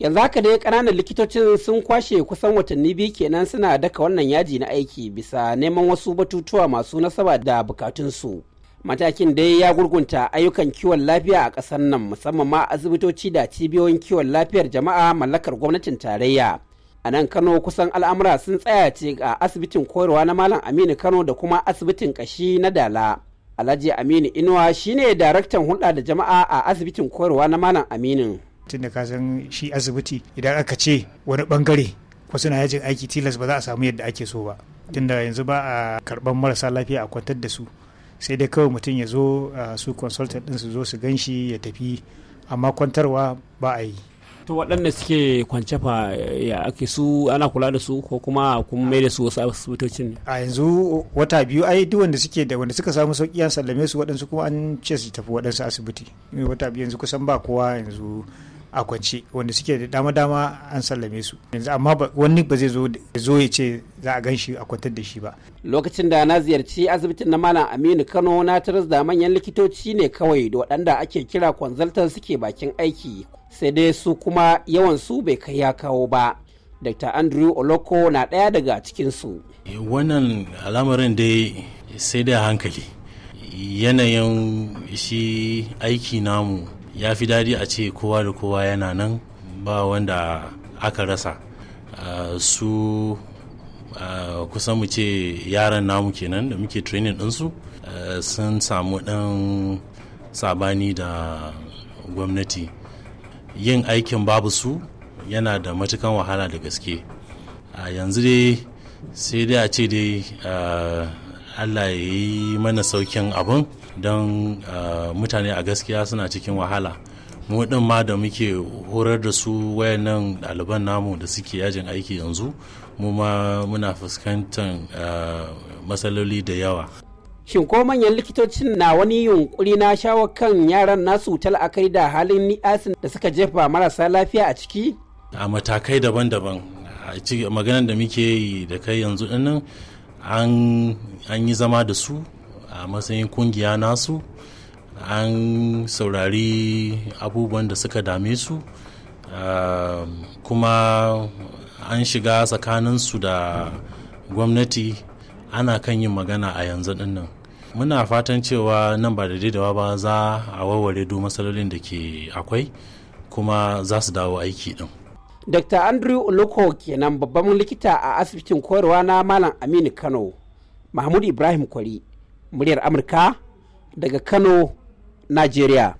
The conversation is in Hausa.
yanzu haka dai kananan likitocin sun kwashe kusan watanni biyu kenan suna daka wannan yaji na aiki bisa neman wasu batutuwa masu nasaba da bukatunsu matakin dai ya gurgunta ayyukan kiwon lafiya a ƙasar nan musamman ma asibitoci da cibiyoyin kiwon lafiyar jama'a mallakar gwamnatin tarayya a nan kano kusan al'amura sun tsaya ce a asibitin koyarwa na malam aminu kano da kuma asibitin kashi na dala alhaji aminu inuwa shine daraktan hulɗa da jama'a a asibitin koyarwa na malam aminu tunda da san shi asibiti idan aka ce wani bangare ko suna yajin aiki tilas ba za a samu yadda ake so ba tunda yanzu ba a karban marasa lafiya a kwantar da su sai dai kawai mutum ya zo su consultant din su zo su gan shi ya tafi amma kwantarwa ba a yi to waɗanda suke kwance fa ya ake su ana kula da su ko kuma kun mai da su wasu asibitocin a yanzu wata biyu ai duk wanda suke da wanda suka samu sauki an sallame su waɗansu kuma an ce su tafi waɗansu asibiti wata biyu yanzu kusan ba kowa yanzu a kwance wanda suke da dama dama an sallame su yanzu amma wani ba zai zo ya ce za a gan shi a kwantar da shi ba lokacin da na ziyarci asibitin na malam aminu kano na taras da manyan likitoci ne kawai da waɗanda ake kira kwanzaltar suke bakin aiki sai dai su kuma yawan su bai kai ya kawo ba dr andrew oloko na ɗaya daga cikin su eh, wannan al'amarin dai sai da hankali yanayin shi aiki namu ya fi daɗi a ce kowa da kowa yana nan ba wanda aka rasa ah, su ah, kusan mu ce yaran namu kenan da muke training ɗinsu ah, sun samu ɗan sabani da gwamnati yin aikin babu su yana da matukan wahala da gaske a yanzu dai sai dai a ce dai allah ya yi mana saukin abin don ah, mutane a gaskiya suna cikin wahala mu din ma da muke horar da su nan ɗaliban namu da suke yajin aiki yanzu mu ma muna fuskantar ah, matsaloli da yawa shin ko manyan likitocin na wani yunkuri na shawo kan yaran nasu kai da halin ni'asin da suka jefa marasa lafiya a ciki a matakai daban-daban maganar da muke yi da kai yanzu dinnan an yi zama da su a matsayin kungiya nasu an saurari abubuwan da suka dame su um, kuma an shiga tsakanin su da gwamnati ana kan yin magana a yanzu dinnan muna fatan cewa nan ba da daidawa ba za a warware duk matsalolin da ke akwai kuma za su dawo aiki din. dr andrew oloko kenan babban likita a asibitin koyarwa na malam aminu kano mahmud ibrahim kwari muryar amurka daga kano Najeriya.